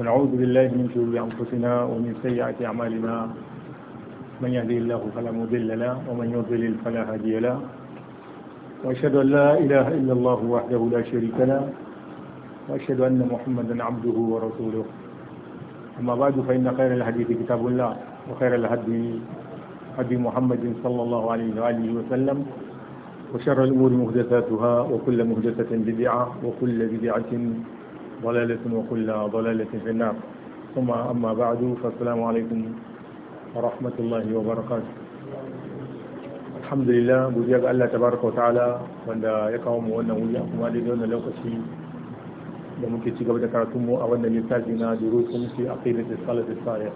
ونعوذ بالله من شرور أنفسنا ومن سيئات أعمالنا من يهدي الله فلا مضل له ومن يضلل فلا هادي له وأشهد أن لا إله إلا الله وحده لا شريك له وأشهد أن محمدا عبده ورسوله أما بعد فإن خير الحديث كتاب الله وخير الهدي هدي محمد صلى الله عليه وآله وسلم وشر الأمور مهدثاتها وكل مهدثة بدعة وكل بدعة ضلالة وكل ضلالة في النار ثم أما بعد فالسلام عليكم ورحمة الله وبركاته ga Allah tabaraka ta'ala wanda ya kawo mu wannan wuri kuma da wannan lokaci da muke ci gaba da karatun mu a wannan littafi na durusun a aqidat as da as-salih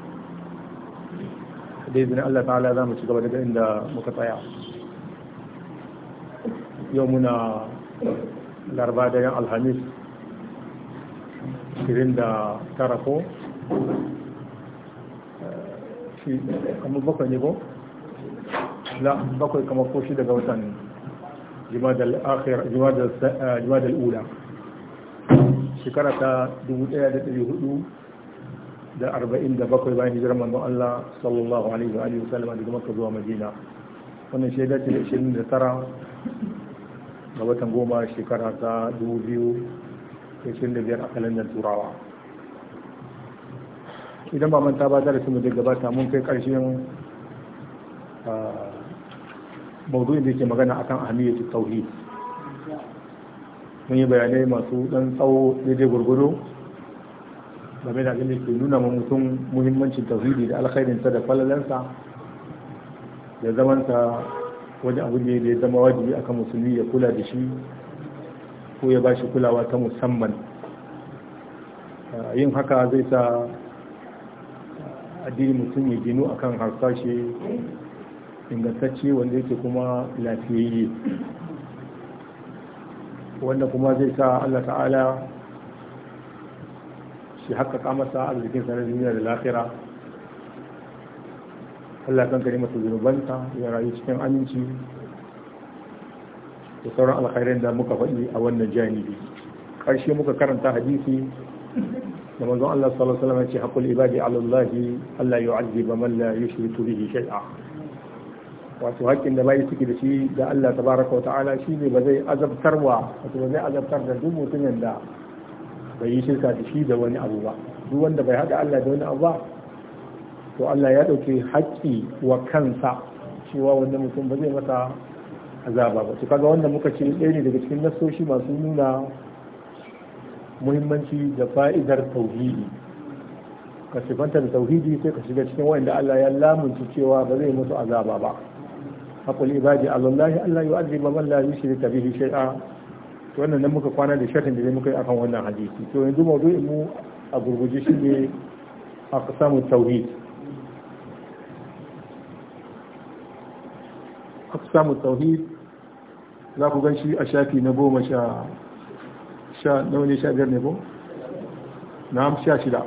da izinin Allah ta'ala za mu ci gaba daga inda muka tsaya yau muna larba da yan alhamis ashirin da tara ko shi kamar bakwai ne ko la bakwai kamar ko shi daga watan jimadal akhir jimadal eh, jimadal ula shekara ta bakwai bayan hijirar manzon Allah sallallahu alaihi wa alihi wasallam daga Makka zuwa Madina wannan shaida ce da 29 ga watan goma shekara ta 2000 da biyar a kalandar turawa idan ba manta ba da su da gabata mun kai karshen maudu'in da ke magana akan ahmiyatu tauhid mun yi bayanai masu dan tsawo daidai gurgudu game da da ke nuna mutum muhimmancin tauhidi da alkhairin ta da falalansa da zamansa wajen abin da ya zama wajibi akan musulmi ya kula da shi ko ya ba shi kulawa ta musamman yin haka zai sa addini mutum ya ginu akan harsashe ingantacce wanda yake kuma lafiyayye wanda kuma zai sa Allah ta'ala shi haƙaƙa masa arzikin sanar duniya da lafira Allah kan kare masa zunubanta ya rayu cikin aminci da sauran alkhairin da muka faɗi a wannan janibi ƙarshe muka karanta hadisi da manzon Allah sallallahu alaihi wasallam ya ce haqqul ibadi ala Allah Allah yu'azziba man la yushriku bihi shay'a wato haƙƙin da bayi da shi da Allah tabaraka wa ta'ala shi ne ba zai wato ba zai azabtar da duk mutumin da bai yi shirka da shi da wani abu ba duk wanda bai haɗa Allah da wani abu ba to Allah ya ɗauki haƙƙi wa kansa cewa wannan mutum ba zai masa azaba ba to kaga wanda muka ce ɗaya ne daga cikin nasoshi masu nuna muhimmanci da fa'idar tauhidi ka sifanta da tauhidi sai ka shiga cikin wanda Allah ya lamunci cewa ba zai musu azaba ba haƙul ibadi allallahi Allah ya azaba man la yushrika bihi shay'a to wannan nan muka kwana da shakin da muka yi akan wannan hadisi to yanzu mawdu'in mu a gurguje shi ne aqsamu tauhid samu tauhid za ku gan shi a shafi na goma sha sha nauni sha biyar ne ko na sha shida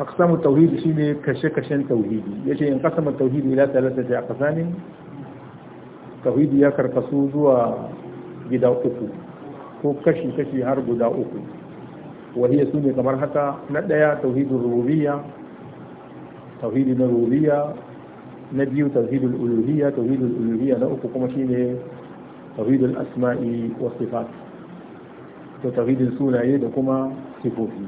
aqsamu tauhid shine kashe-kashen tauhidi yace in qasama tauhidi ya ila thalathati aqsamin tauhidi ya karkasu zuwa gida uku ko kashi-kashi har guda uku wahiya su ne kamar haka na ɗaya tauhidin rubiya tauhidi na rubiya na biyu tauhidul uluhiyya tauhidul uluhiyya na uku kuma shine tauhidul asma'i wa sifat to tauhidul sunaye da kuma sifofi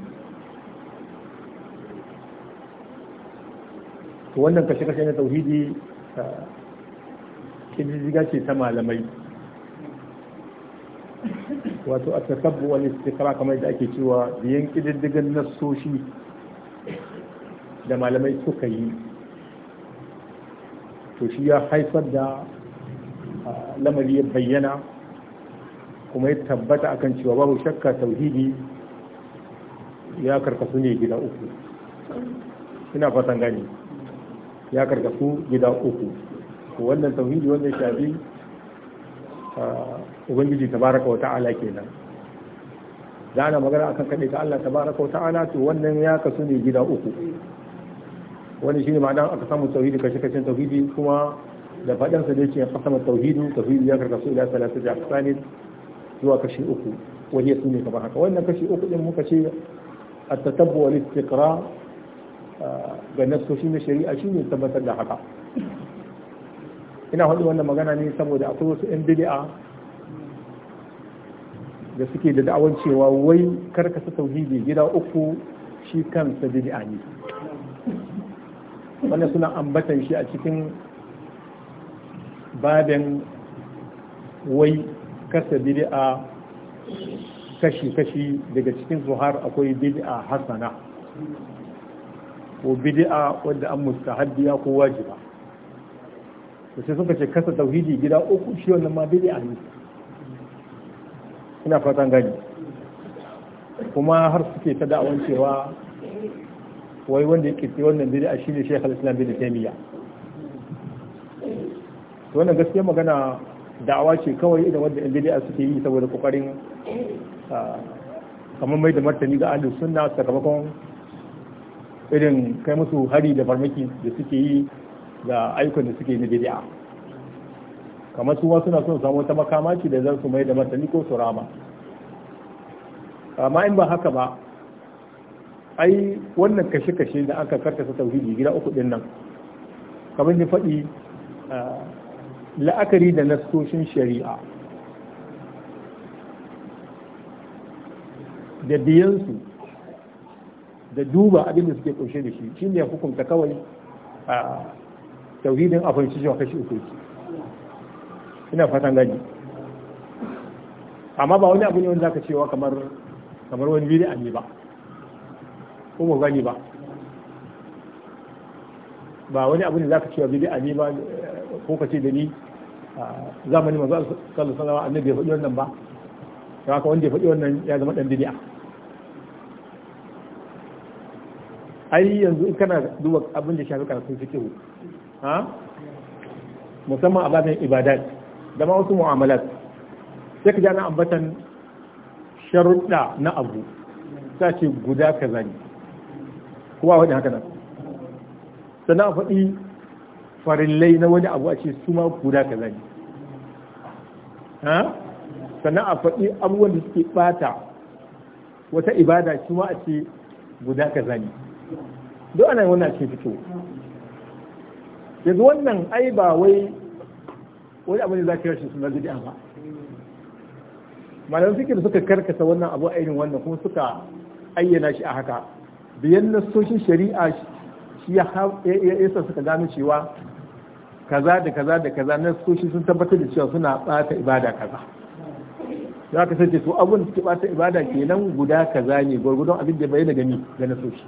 to wannan kashe kashe na tauhidi kididdiga ce ta malamai wato a tasabbu wani istikara kamar da ake cewa biyan kididdigan nassoshi da malamai suka yi to shi ya haifar da lamari ya bayyana kuma ya tabbata akan cewa babu shakka tauhidi ya karkasu ne gida uku ina fatan gani ya karkasu gida uku wannan tauhidi wanda shafi ubangiji tabaraka wa ta'ala kenan za na magana akan kaɗai ta Allah tabaraka wa ta'ala to wannan ya kasu ne gida uku wani ne ma'ana aka samu tauhidi kashe kashen tauhidi kuma da faɗin sa da yake samu tauhidi tauhidi ya karkasu ila salatu da aqsani zuwa kashi uku wani su ne kamar haka wannan kashi uku din muka ce at-tatabbu wal istiqra ah, ga shi na shari'a shi ne tabbatar da haka ina faɗi wannan magana ne saboda akwai wasu ɗan bid'a da suke da da'awan cewa wai karkasa tauhidi gida uku shi kansa bid'a ne wanda suna ambatan shi a cikin babin wai kasa bid'a kashi-kashi daga cikin zuhar akwai bid'a hasana ko bid'a wadda an mustahabbiya ko wajiba da sai suka ce kasa tauhidi gida uku shi wannan ma bid'a ne ina fatan gani kuma har suke ta da'awan cewa wai wanda ya kirkiri wannan bid'a shine Sheikh al-Islam bin Taymiyyah to wannan gaskiya magana da'awa ce kawai idan wanda yan bid'a suke yi saboda kokarin kamar mai da martani ga ahlus sunna sakamakon irin kai musu hari da farmaki da suke yi ga aikon da suke yi na bid'a kamar su suna son samu wata makamaci da zan su mai da martani ko su rama amma in ba haka ba ai wannan kashe-kashe da aka karkasa tauhidi gida uku din nan kamar ni faɗi la'akari da nasoshin shari'a da biyansu da duba abin da suke ƙunshe da shi shi ne hukunta kawai a tauhidin abin shi shi kashi uku ina fatan gani amma ba wani abu ne wanda zaka cewa kamar kamar wani bid'a ne ba ko mu gani ba ba wani abu ne za ka cewa bidi'a ne ba ko ka ce da ni zamanin manzo sallallahu alaihi annabi ya faɗi wannan ba to haka wanda ya faɗi wannan ya zama dan bidi'a ai yanzu in kana duba abin da shafi karatun fiqh ha musamman a babin ibadat da ma wasu mu'amalat sai ka ji ana ambatan sharuɗa na abu ta ce guda kaza ne kowa wani haka nan sannan a faɗi farillai na wani abu a ce su ma guda ka ne sannan a faɗi abubuwan da suke ɓata wata ibada su ma a ce guda ka ne don ana yi wannan ce fito yanzu wannan ai ba wai wani abu ne za ka yi rashin suna bid'a ba malamin fikir suka karkasa wannan abu a irin wannan kuma suka ayyana shi a haka biyan nassoshin shari'a shi ya yasa suka gano cewa kaza da kaza da kaza nassoshi sun tabbatar da cewa suna bata ibada kaza za ka sace to abun da ke bata ibada kenan guda kaza ne gwargwadon abin da bayyana gani ga nassoshi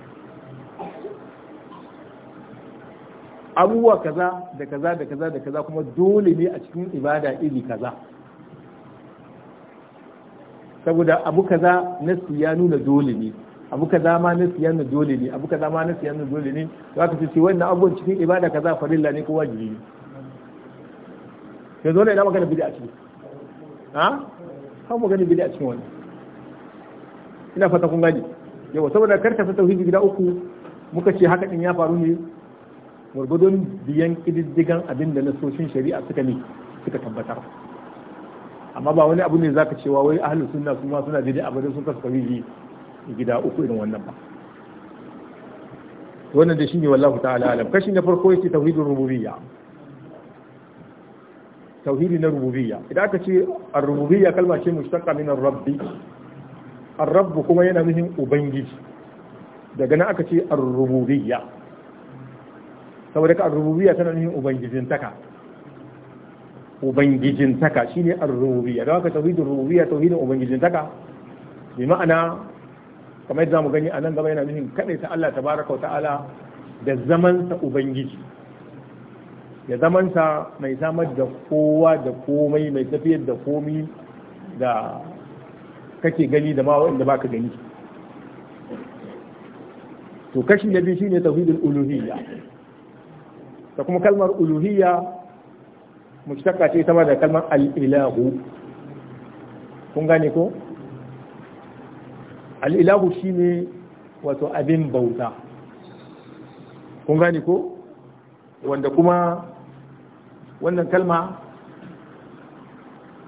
abubuwa kaza da kaza da kaza da kaza kuma dole ne a cikin ibada iri kaza saboda abu kaza nasu ya nuna dole ne abu ka ma na siyan dole ne abu ka ma na siyan dole ne za ka ce wannan abubuwan cikin ibada ka za farilla ne ko wajibi ne ya zo ne ina magana bid'a ce ha ha magana bid'a cikin wani? ina fata kun gani yau saboda karka fata tauhidi gida uku muka ce haka din ya faru ne gwargwadon biyan ƙididdigan abin da nasoshin shari'a suka ne suka tabbatar amma ba wani abu ne zaka cewa wai ahlus suna kuma suna daidai abin sun kasu kawai gida uku irin wannan ba wannan da shine wallahu ta'ala alam kashi na farko yace tauhidur rububiyya tauhidi na rububiyya idan aka ce ar-rububiyya kalma ce mushtaqqa min ar-rabbi ar-rabb kuma yana nufin ubangiji daga nan aka ce ar-rububiyya saboda ka ar-rububiyya tana nufin ubangijintaka ubangijintaka shine ar-rububiyya don haka tauhidur rububiyya tauhidin ubangijintaka bi ma'ana kamar yadda mu gani a nan gaba yana nufin kaɗai ta Allah Ta baraka wa ta'ala da zamansa ubangiji da zamansa mai samar da kowa da komai mai tafiyar da komi da kake gani da ma wanda baka gani to kashi na biyu shine tauhidul uluhiyya ta kuma kalmar uluhiyya mushtaka ce ta da kalmar al'ilahu kun gane ko al'ilahu shi ne wato abin bauta kun gani ko wanda kuma wannan kalma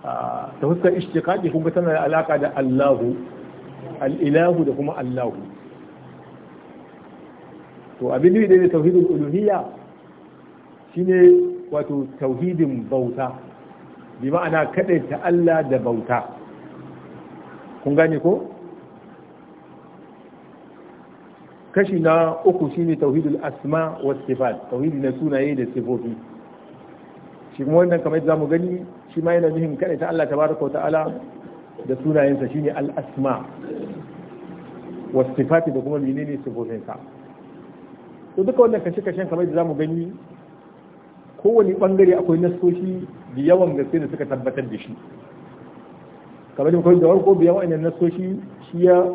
ta fuskar ishtiqaqi kun tana da alaka da Allahu al'ilahu da kuma Allahu to abin da da tauhidin uluhiyya ne wato tauhidin bauta bi ma'ana ta Allah da bauta kun gani ko kashi na uku shine tauhidul asma wa sifat tauhidi na sunaye da sifofi shi kuma wannan kamar za mu gani shi ma yana nufin kada ta Allah tabaraka wa ta'ala da sunayensa shine al asma wa sifati da kuma menene sifofinsa to duka wannan kashe kashen kamar da mu gani kowane bangare akwai nasoshi da yawan gaske da suka tabbatar da shi kamar da kawai da warko biyan wa'annan nasoshi shi ya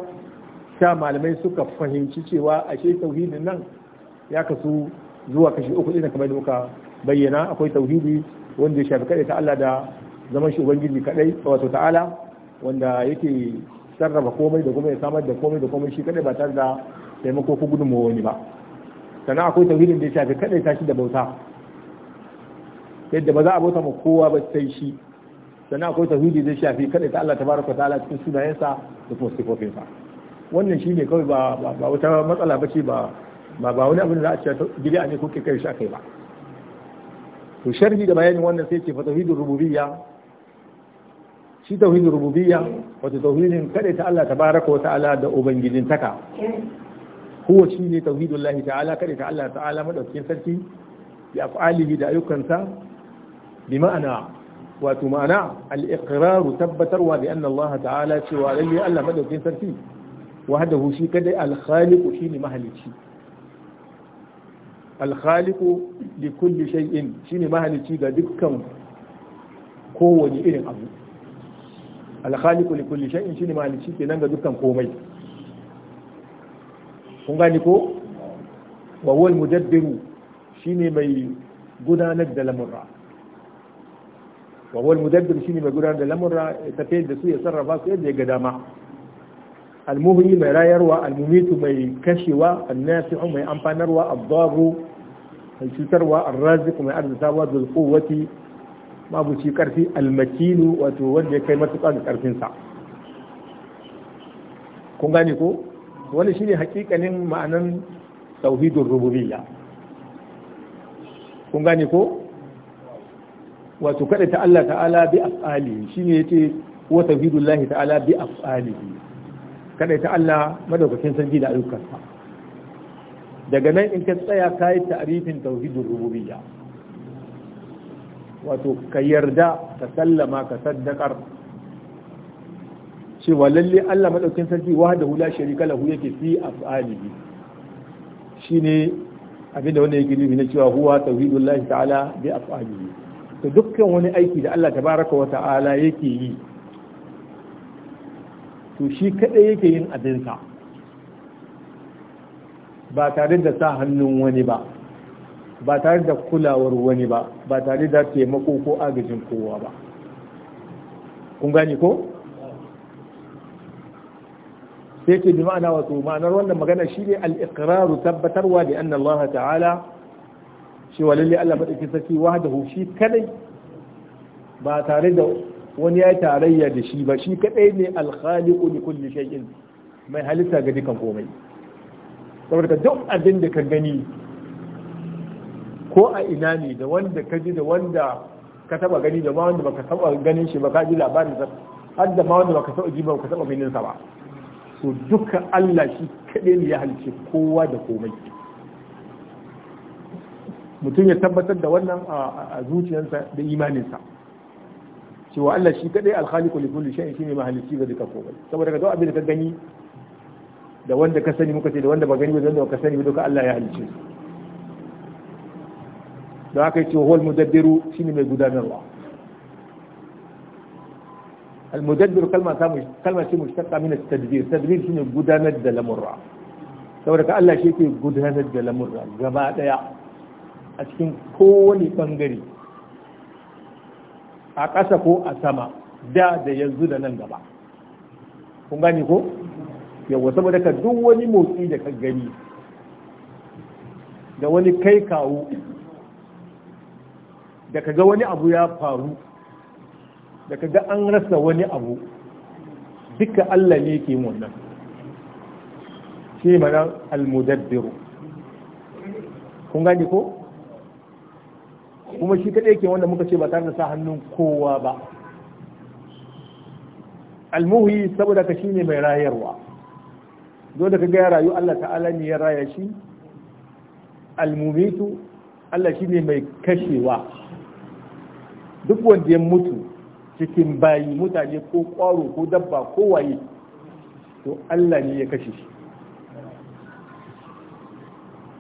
sa malamai suka fahimci cewa ashe tauhidin nan ya kasu zuwa kashi uku ɗin kamar da muka bayyana akwai tauhidi wanda ya shafi kaɗai ta Allah da zaman shi ubangiji kaɗai wato ta'ala wanda yake sarrafa komai da komai ya samar da komai da komai shi kaɗai ba tare da taimako ko gudunmawa wani ba sannan akwai tauhidin da ya shafi kaɗai tashi da bauta yadda ba za a bauta ma kowa ba sai shi sannan akwai tauhidi da ya shafi kaɗai ta Allah tabaraka ta'ala cikin sunayensa da kuma sifofinsa wannan shi ne kawai ba wata matsala ba ce ba wani abin da za a ce gida ne kuke kai shi akai ba to sharhi da bayanin wannan sai ce fa tauhidur rububiyya shi tauhidur rububiyya wato tauhidin kada ta Allah tabaraka wa ta'ala da ubangijin taka huwa shine tauhidullahi ta'ala kada ta Allah ta'ala madaukakin sarki bi af'alihi da ayyukansa bi ma'ana wato ma'ana al-iqrar tabbatarwa bi anna Allah ta'ala cewa lalle Allah madaukakin sarki وهذا shi kadai al-khaliqu shine mahalicci al-khaliqu شيء kulli shay'in mahalicci ga dukkan kowane irin abu شيء khaliqu li kulli ده دكان mahalicci kenan ga dukkan komai ko wa huwa mudabbiru shine mai gudanar da lamurra wa huwa shine da da su ya sarrafa su yadda ya ga dama almuhyi mai rayarwa almumitu mai kashewa annasihu mai amfanarwa addaru mai cutarwa arraziku mai arzikawa zul quwwati mabuci karfi almakinu wato wanda ya kai matuƙa ga karfinsa kun gane ko wani shine hakikanin ma'anan tauhidur rububiyya kun gane ko wato kada ta Allah ta'ala bi af'alihi shine yace wa tauhidullahi ta'ala bi af'alihi kada ta Allah madaukakin sarki da ayyukansa daga nan in ka tsaya kayi ta'rifin tauhidur rububiyya wato ka yarda ka sallama ka saddakar cewa lalle Allah madaukakin sarki wahdahu la sharika lahu yake fi af'alihi shine abinda wannan yake nufi na cewa huwa tauhidullahi ta'ala bi af'alihi to dukkan wani aiki da Allah tabaraka wa ta'ala yake yi to shi kaɗai yake yin abinsa ba tare da sa hannun wani ba ba tare da kulawar wani ba ba tare da taimako ko agajin kowa ba kun gani ko sai ce bi ma'ana wato ma'anar wannan magana shi ne al tabbatarwa da anna Allah ta'ala shi walalli Allah madauki sarki da hushi kadai ba tare da wani ya tarayya da shi ba shi kadai ne alkhaliqu li kulli shay'in mai halitta ga dukan komai saboda duk abin da ka gani ko a ina ne da wanda ka ji da wanda ka taba gani da ma wanda baka taba ganin shi ba ka ji labarin sa har da ma wanda baka taba ji ba ka taba ganin sa ba so duka Allah shi kadai ne ya halice kowa da komai mutum ya tabbatar da wannan a zuciyarsa da imaninsa cewa Allah shi kadai alkhaliqu li kulli shay'in shine mahalici ga duka komai saboda ka duk abin da ka gani da wanda ka sani muka ce da wanda ba gani ba da wanda ka sani ba duka Allah ya halice su da aka ce huwal mudabbiru shine mai gudanarwa al mudabbir kalma ta kalma ce mushtaqa min at-tadbir tadbir shine gudanar da lamurra saboda ka Allah shi yake gudanar da lamurra gaba daya a cikin kowane bangare a ƙasa ko a sama da da yanzu da nan gaba kun gani ko yawa saboda ka duk wani motsi da ka gani da wani kai kawo da ka ga wani abu ya faru da ka ga an rasa wani abu duka Allah ne ke wannan shi mana almudabbiru kun gani ko kuma shi kaɗai ke wanda muka ce ba tare da sa hannun kowa ba almuhi saboda ka shi ne mai rayarwa zo da ka gaya rayu Allah ta'ala ne ya raya shi almumitu Allah shi ne mai kashewa duk wanda ya mutu cikin bayi mutane ko ƙwaro ko dabba ko waye to Allah ne ya kashe shi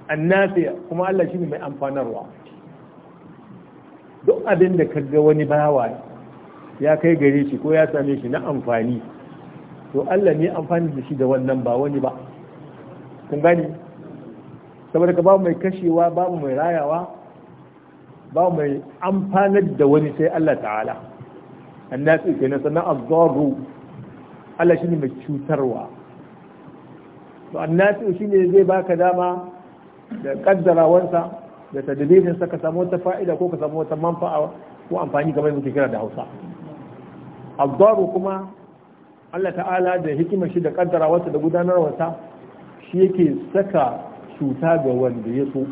annafiya kuma Allah shi ne mai amfanarwa abin da kaga wani bawa ya kai gare shi ko ya same shi na amfani to Allah ne amfani da shi da wannan ba wani ba kun gani saboda ka babu mai kashewa babu mai rayawa babu mai amfanar da wani sai Allah ta'ala annasu na sana azzaru Allah shine mai cutarwa to annasu shine zai baka dama da kaddarawansa da tadbirin sa ka samu wata fa'ida ko ka samu wata manfa'a ko amfani kamar yadda kira da Hausa abdaru kuma Allah ta'ala da hikimar shi da kaddara wata da gudanarwa ta shi yake saka cuta ga wanda ya so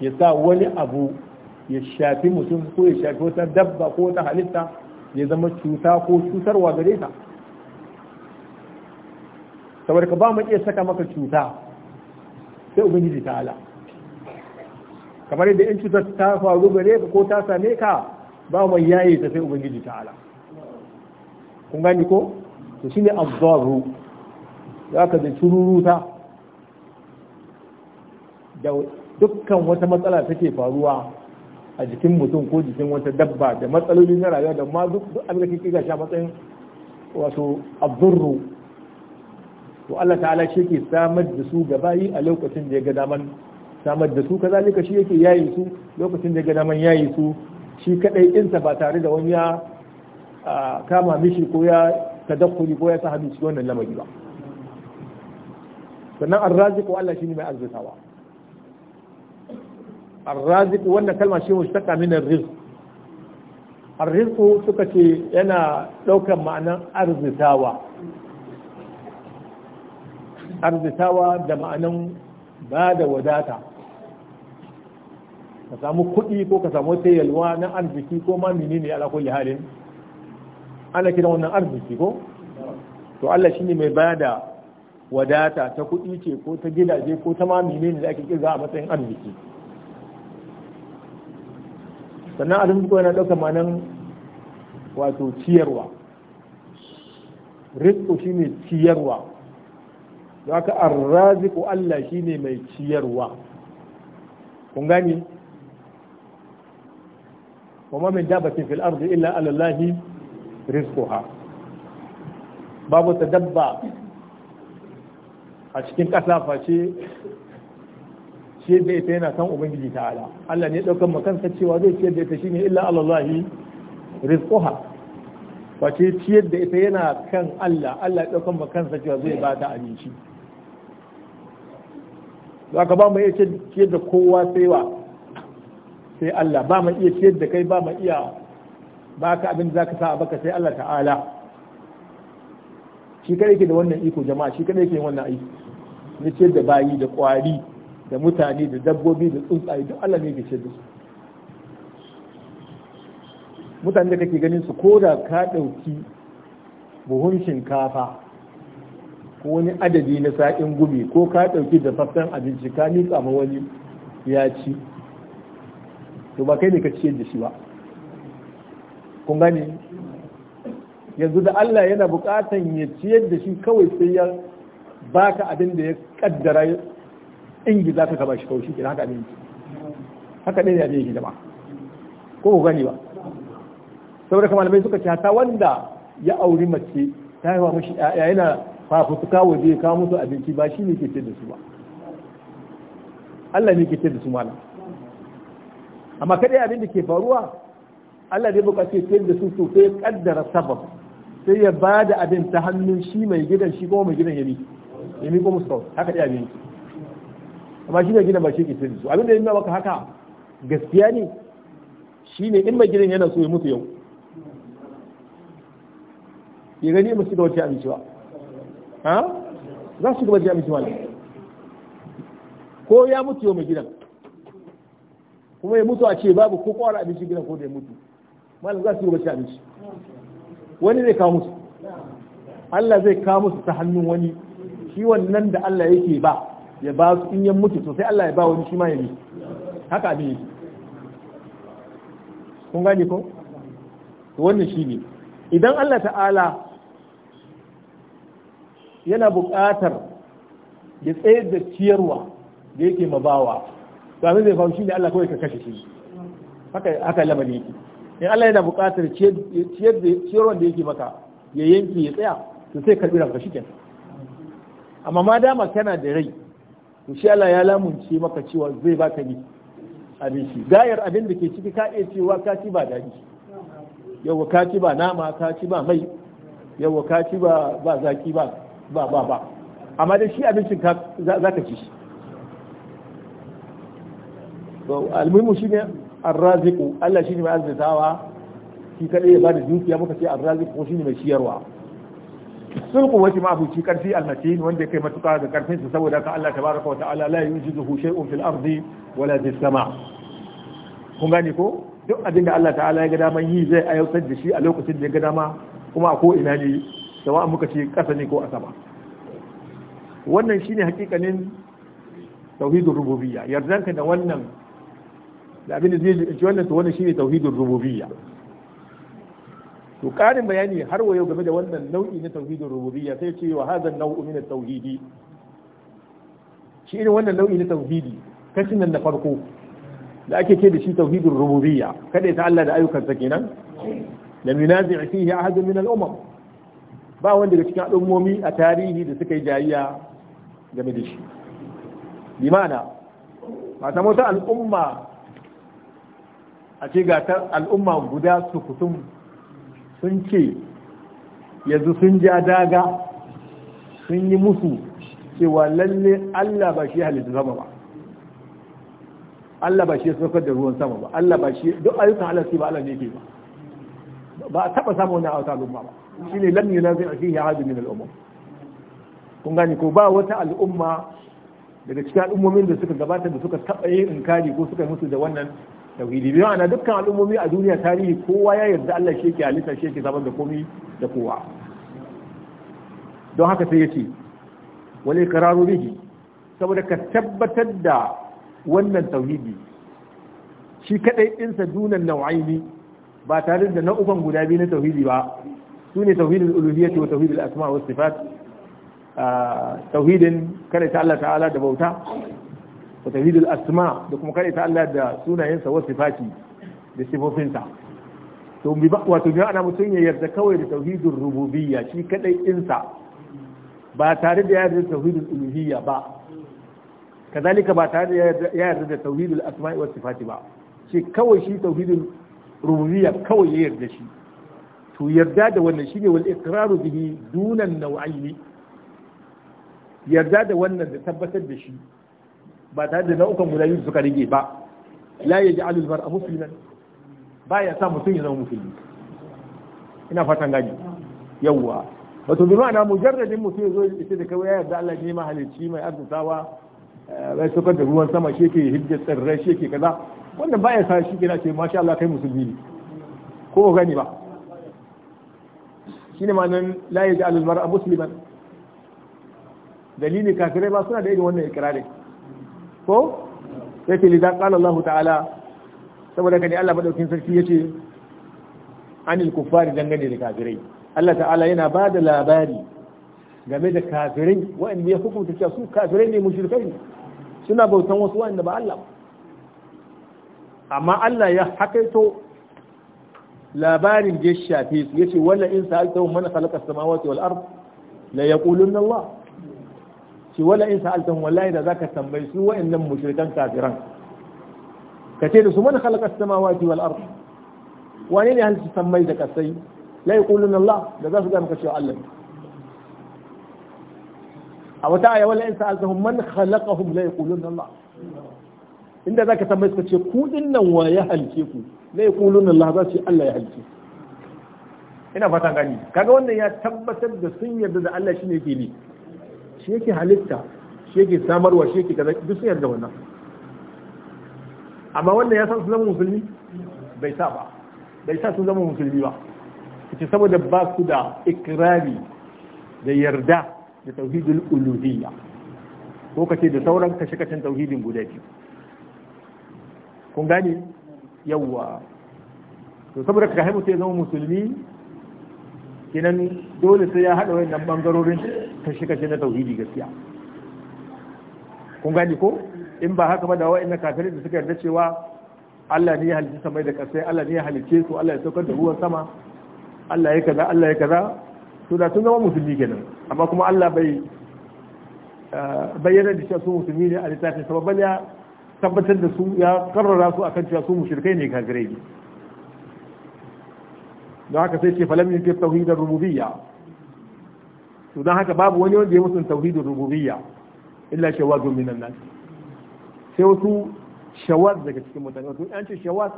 ya sa wani abu ya shafi mutum ko ya shafi wata dabba ko wata halitta ya zama cuta ko cutarwa gare ta saboda ka ba mu iya saka maka cuta sai ubangiji ta'ala kamar yadda in cutar ta faru gare ka ko ta same ka ba mai yayi ta sai ubangiji ta'ala kun gani ko to shine azzaru za ka da tururuta da dukkan wata matsala take faruwa a jikin mutum ko jikin wata dabba da matsaloli na rayuwa da ma duk abin da kike ga sha matsayin wato azzurru to Allah ta'ala shi ke samar da su gabayi a lokacin da ya ga daman samar da su ka zalika shi yake yayi su lokacin da ga yayi su shi kadai insa ba tare da wani ya kama mishi ko ya tadakkuli ko ya sa hannu cikin wannan lamari ba sannan arraziq Allah Allah shine mai arzikawa arraziq wannan kalma shi mushtaka min arrizq arrizq suka ce yana daukar ma'anan arzikawa arzikawa da ma'anan ba da wadata ka samu kuɗi ko ka samu wata yalwa na arziki ko ma ne ala kulli halin ana kiran wannan arziki ko to Allah shine mai bada wadata ta kuɗi ce ko ta gidaje ko ta ma ne da ake kira a matsayin arziki sannan arziki ko yana ɗaukar manan wato ciyarwa rizqu shine ciyarwa don haka arraziku Allah shine mai ciyarwa kun gani wa ma min dabatin fil ardi illa ala allahi rizquha babu ta dabba a cikin ƙasa face ce da ita yana san ubangiji ta'ala Allah ne ɗaukan makansa cewa zai ciyar ita illa face ciyar da ita yana kan Allah Allah ɗaukan kansa cewa zai ba ta abinci za ka ba mu iya ciyar da kowa sai wa sai Allah ba mu iya ciyar da kai ba mu iya ka abin da zaka sa a baka sai Allah ta'ala shi kada yake da wannan iko jama'a shi kada yake wannan aiki na ciyar da bayi da kwari da mutane da dabbobi da tsuntsaye duk Allah ne ke ciyar da su mutane da kake ganin su ko da ka ɗauki buhun shinkafa ko wani adadi na sa'in gumi ko ka ɗauki da abinci ka miƙa ma wani ya ci to ba kai ne ka ciyar da shi ba kun gani yanzu da Allah yana bukatan ya ciyar da shi kawai sai ya baka abin da ya kaddara in za ka kaba shi kawai shi kira haka abin haka ɗaya ne yake jama'a ko ku gani ba saboda kamar malamai suka ce wanda ya auri mace ta wa mashi ya yana fafutuka waje ya kawo musu abinci ba shi ne ke ce da su ba Allah ne ke ce da su malam amma kadai abin da ke faruwa Allah zai buƙaci ce da su so sai kaddara sabab sai ya ba da abin ta hannun shi mai gidan shi kuma mai gidan ya bi ya mi ko musu haka ya abin amma shi mai gidan ba shi ke da su abin da ya nuna maka haka gaskiya ne shine in mai gidan yana so ya mutu yau ya gani musu da wacce abinci ba ha za su gaba ji abinci ne, ko ya mutu yau mai gidan kuma ya mutu a ce babu ko kwara abinci gina ko da ya mutu malam za su yi wacce abinci wani zai kawo musu Allah zai kawo musu ta hannun wani shi wannan da Allah yake ba ya ba su in ya mutu to sai Allah ya ba wani shi ma ya yi haka abin yake kun gane ko to wannan shi ne idan Allah ta'ala yana buƙatar ya tsayar da ciyarwa da yake mabawa to abin zai faru ne Allah kawai ka kashe shi haka haka lamari yake in Allah yana buƙatar ciyar da ciyar wanda yake maka ya yanki ya tsaya to sai karbi ranka shiken amma ma dama kana da rai to shi Allah ya lamunce maka cewa zai baka ne abin shi gayar abin da ke ciki ka iya cewa ka ci ba daɗi yawa ka ci ba nama ka ci ba mai yawa ka ci ba zaki ba ba ba amma da shi abincin za ka ci shi to almuhimu shine arraziqu Allah shine mai azzatawa shi kadai ya bada dukiya muka ce arraziqu ko shine mai ciyarwa sulku wati ma'abuci karfi almatin wanda kai matuka da karfin sa saboda ka Allah tabaraka wa ta'ala la yujizuhu shay'un fil ardi wala fis sama kun gane ko duk abin da Allah ta'ala ya ga daman yi zai ayautar da shi a lokacin da ya ga dama kuma a ko ina ne sawa muka ce kasa ne ko a sama wannan shine hakikanin tauhidur rububiyya yardanka da wannan da abin da zai ji wannan to wannan shine tauhidin rububiyya to karin bayani har wayo game da wannan nau'i na tauhidin rububiyya sai ce wa hadha nau'u min tauhidi shi irin wannan nau'i na tauhidi kashin nan na farko da ake ce da shi tauhidin rububiyya kada ta Allah da ayyukansa kenan lam yunazi fihi ahadun min al-umam ba wanda daga cikin al'ummomi a tarihi da suka yi jayayya game da shi limana ba samu al'umma a ce ga ta al'umma guda su kutum sun ce yanzu sun ja daga sun yi musu cewa lalle Allah ba shi halittu sama ba Allah ba shi ya saukar da ruwan sama ba Allah ba shi duk ayyukan halarci ba Allah ne ke ba ba a taba samun wani auta al'umma ba shine lam yunazi ya hajji min al'umma kun gani ko ba wata al'umma daga cikin al'ummomin da suka gabata da suka taɓa yin inkari ko suka musu da wannan tauhidi bi ma'ana dukkan al'ummomi a duniya tarihi kowa ya yarda Allah shi yake halitta shi yake da komi da kowa don haka sai ya ce iqraru bihi saboda ka tabbatar da wannan tauhidi shi kadai insa dunan nau'aini ba tare da nau'ukan guda biyu na tauhidi ba su ne tauhidul uluhiyyah wa tauhidul asma wa sifat ah, tauhidin kada ta Allah ta'ala da bauta wa tauhidul asma da kuma kare ta Allah da sunayensa wasu sifati da sifofinsa to bi wato bi ana mutum ya yarda kawai da tauhidul rububiyya shi kadai insa ba tare da yarda da tauhidul uluhiyya ba kazalika ba tare da yarda da tauhidul asma'i wa sifati ba shi kawai shi tauhidul rububiyya kawai ya yarda shi to yarda da wannan shi ne wal iqraru bihi dunan nau'aini yarda da wannan da tabbatar da shi ba tare da nau'ukan guda biyu suka rage ba la ya ji alul a musliman ba ya sa mutum ya zama musulmi ina fatan gani yawwa wato bi ma'ana mujarradin mutum ya zo ya ce da kawai ya yarda Allah ne mahalicci mai arzikawa bai eh, saukar da ruwan sama shi yake hijja tsirrai shi yake kaza wannan ba ya sa shi kira ce masha Allah kai musulmi ne ko gani ba Shi ma nan la ya ji alul a musliman dalilin kafirai ba suna da irin wannan ikirarin ko yace li da qala Allah ta'ala saboda kani Allah madaukin sarki yace anil kuffari dangane da kafirai Allah ta'ala yana ba da labari game da kafirai waɗanda ya hukunta cewa su kafirai ne mushrikai suna bautan wasu waɗanda ba Allah amma Allah ya hakaito labarin da ya shafe su yace wala in sa'altahu man khalaqa as-samawati wal ard la yaqulunna Allah ce wala in sa'altahum wallahi da zaka tambayi su wa'annan mushrikan kafiran ka ce da su man khalaqa as-samawati wal ard wane ne halitta sammai da kasai la yaquluna Allah da za su ga maka cewa Allah a wata aya wala in sa'altahum man khalaqahum la yaquluna Allah inda zaka tambayi su ce ku dinnan wa ya halice ku la yaquluna Allah za su ce Allah ya halice ina fata gani kaga wannan ya tabbatar da sun yarda da Allah shine ke ne shi yake halitta shi yake samarwa shi yake kaza duk sun yarda wannan amma wannan ya san su zama musulmi bai sa ba bai sa sun zama musulmi ba kace saboda ba su da ikrari da yarda da tauhidul uluhiyya ko kace da sauran kashe-kashen tauhidin guda biyu kun gane yawwa to saboda ka haimu sai zama musulmi kinan dole sai ya haɗa wayannan bangarorin ta shiga na tauhidi gaskiya kun gani ko in ba haka ba da wayannan kafirin da suka yarda cewa Allah ne ya halice samai da kasai Allah ne ya halice su Allah ya saukar da ruwan sama Allah ya kaza Allah ya kaza to da sun zama musulmi kenan amma kuma Allah bai eh, bayyana da cewa su musulmi ne a littafin sa ya tabbatar da su ya karrara su akan cewa su mushrikai ne kafirai ne don haka sai ce falam yunkir tauhidar rububiyya to don haka babu wani wanda ya musun tauhidar rububiyya illa shawaz minan nas sai wasu shawar daga cikin mutane wato an ce shawaz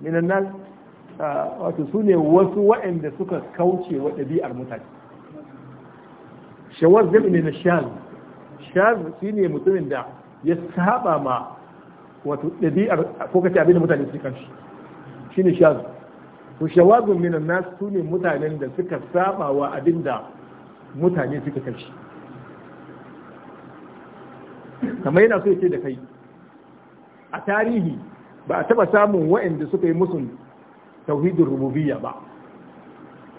minan nas wato su ne wasu waɗanda suka kauce wa ɗabi'ar mutane Shawar zai ne na shaz shaz shi ne mutumin da ya saba ma wato ɗabi'ar ko kace abin da mutane suke kanshi shine shaz to minan nas su ne mutanen da suka saba wa abin da mutane suka kashi kamar yana so ya ce da kai a tarihi ba a taba samun wa'anda suka yi musun tauhidin rububiyya ba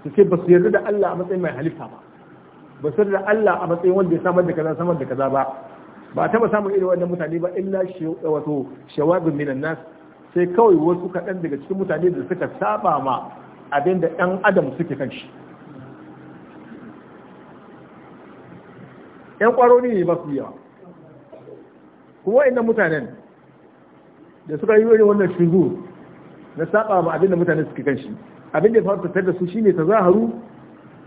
su ce ba su yarda da Allah a matsayin mai halitta ba ba su yarda da Allah a matsayin wanda ya samar da kaza samar da kaza ba ba a taba samun irin wannan mutane ba illa wato minan nas sai kawai wasu kaɗan daga cikin mutane da suka saba ma abin da ɗan adam suke kan shi ɗan ƙwaro ne ba su yawa kuma inda mutanen da suka yi wani wannan shigo na saba ma abin da mutane suke kan shi abin da ya faru tattar da su shine ta zaharu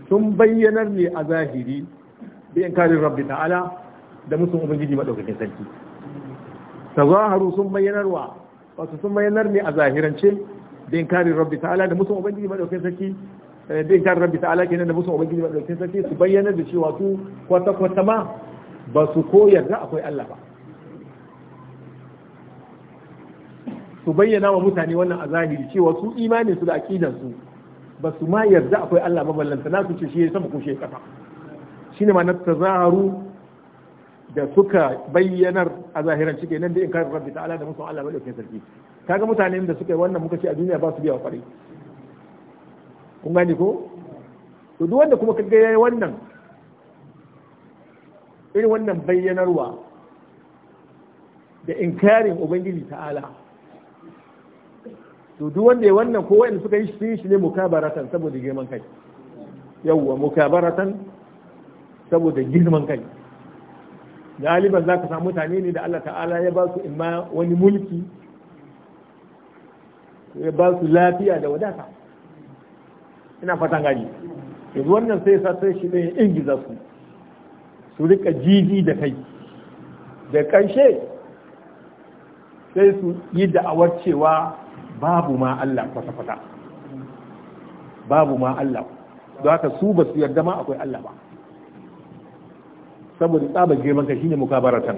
sun bayyanar ne a zahiri da yin karin rabbi ta'ala da musu ubangiji maɗaukakin sarki ta zaharu sun bayyanarwa wato sun bayanar ne a zahirance bin kari rabbi ta'ala da mutum ubangiji madaukakin saki eh, bin kari rabbi ta'ala kenan da mutum ubangiji madaukakin saki su bayyana da cewa su kwata kwata ma ba su koyar da akwai Allah ba su bayyana wa mutane wannan a zahiri cewa su imanin su da aqidan su ba su ma yarda akwai Allah ba ballanta na su ce shi ya sama ko shi ya kafa shine ma na tazaharu da suka bayyanar a zahiran cike nan da in kan rabbi ta'ala da musu Allah madaukakin sarki kaga mutanen da suka yi wannan muka ce a duniya ba su biya kwarai kun gane ko to duk wanda kuma kaga yayi wannan irin wannan bayyanarwa da inkarin ubangiji ta'ala to duk wanda yayi wannan ko wanda suka yi shi shi ne mukabaratan saboda girman kai yawwa mukabaratan saboda girman kai galiban za ka samu mutane ne da Allah ta'ala ya ba su imma wani mulki ya ba su lafiya da wadata ina fatan gani yanzu wannan sai sa sai shi ɗaya ingiza su su rika jiji da kai da ƙarshe sai su yi da'awar cewa babu ma Allah kwata-kwata babu ma Allah don haka su ba su yarda ma akwai Allah ba saboda tsaba girman ka shine mukabaratan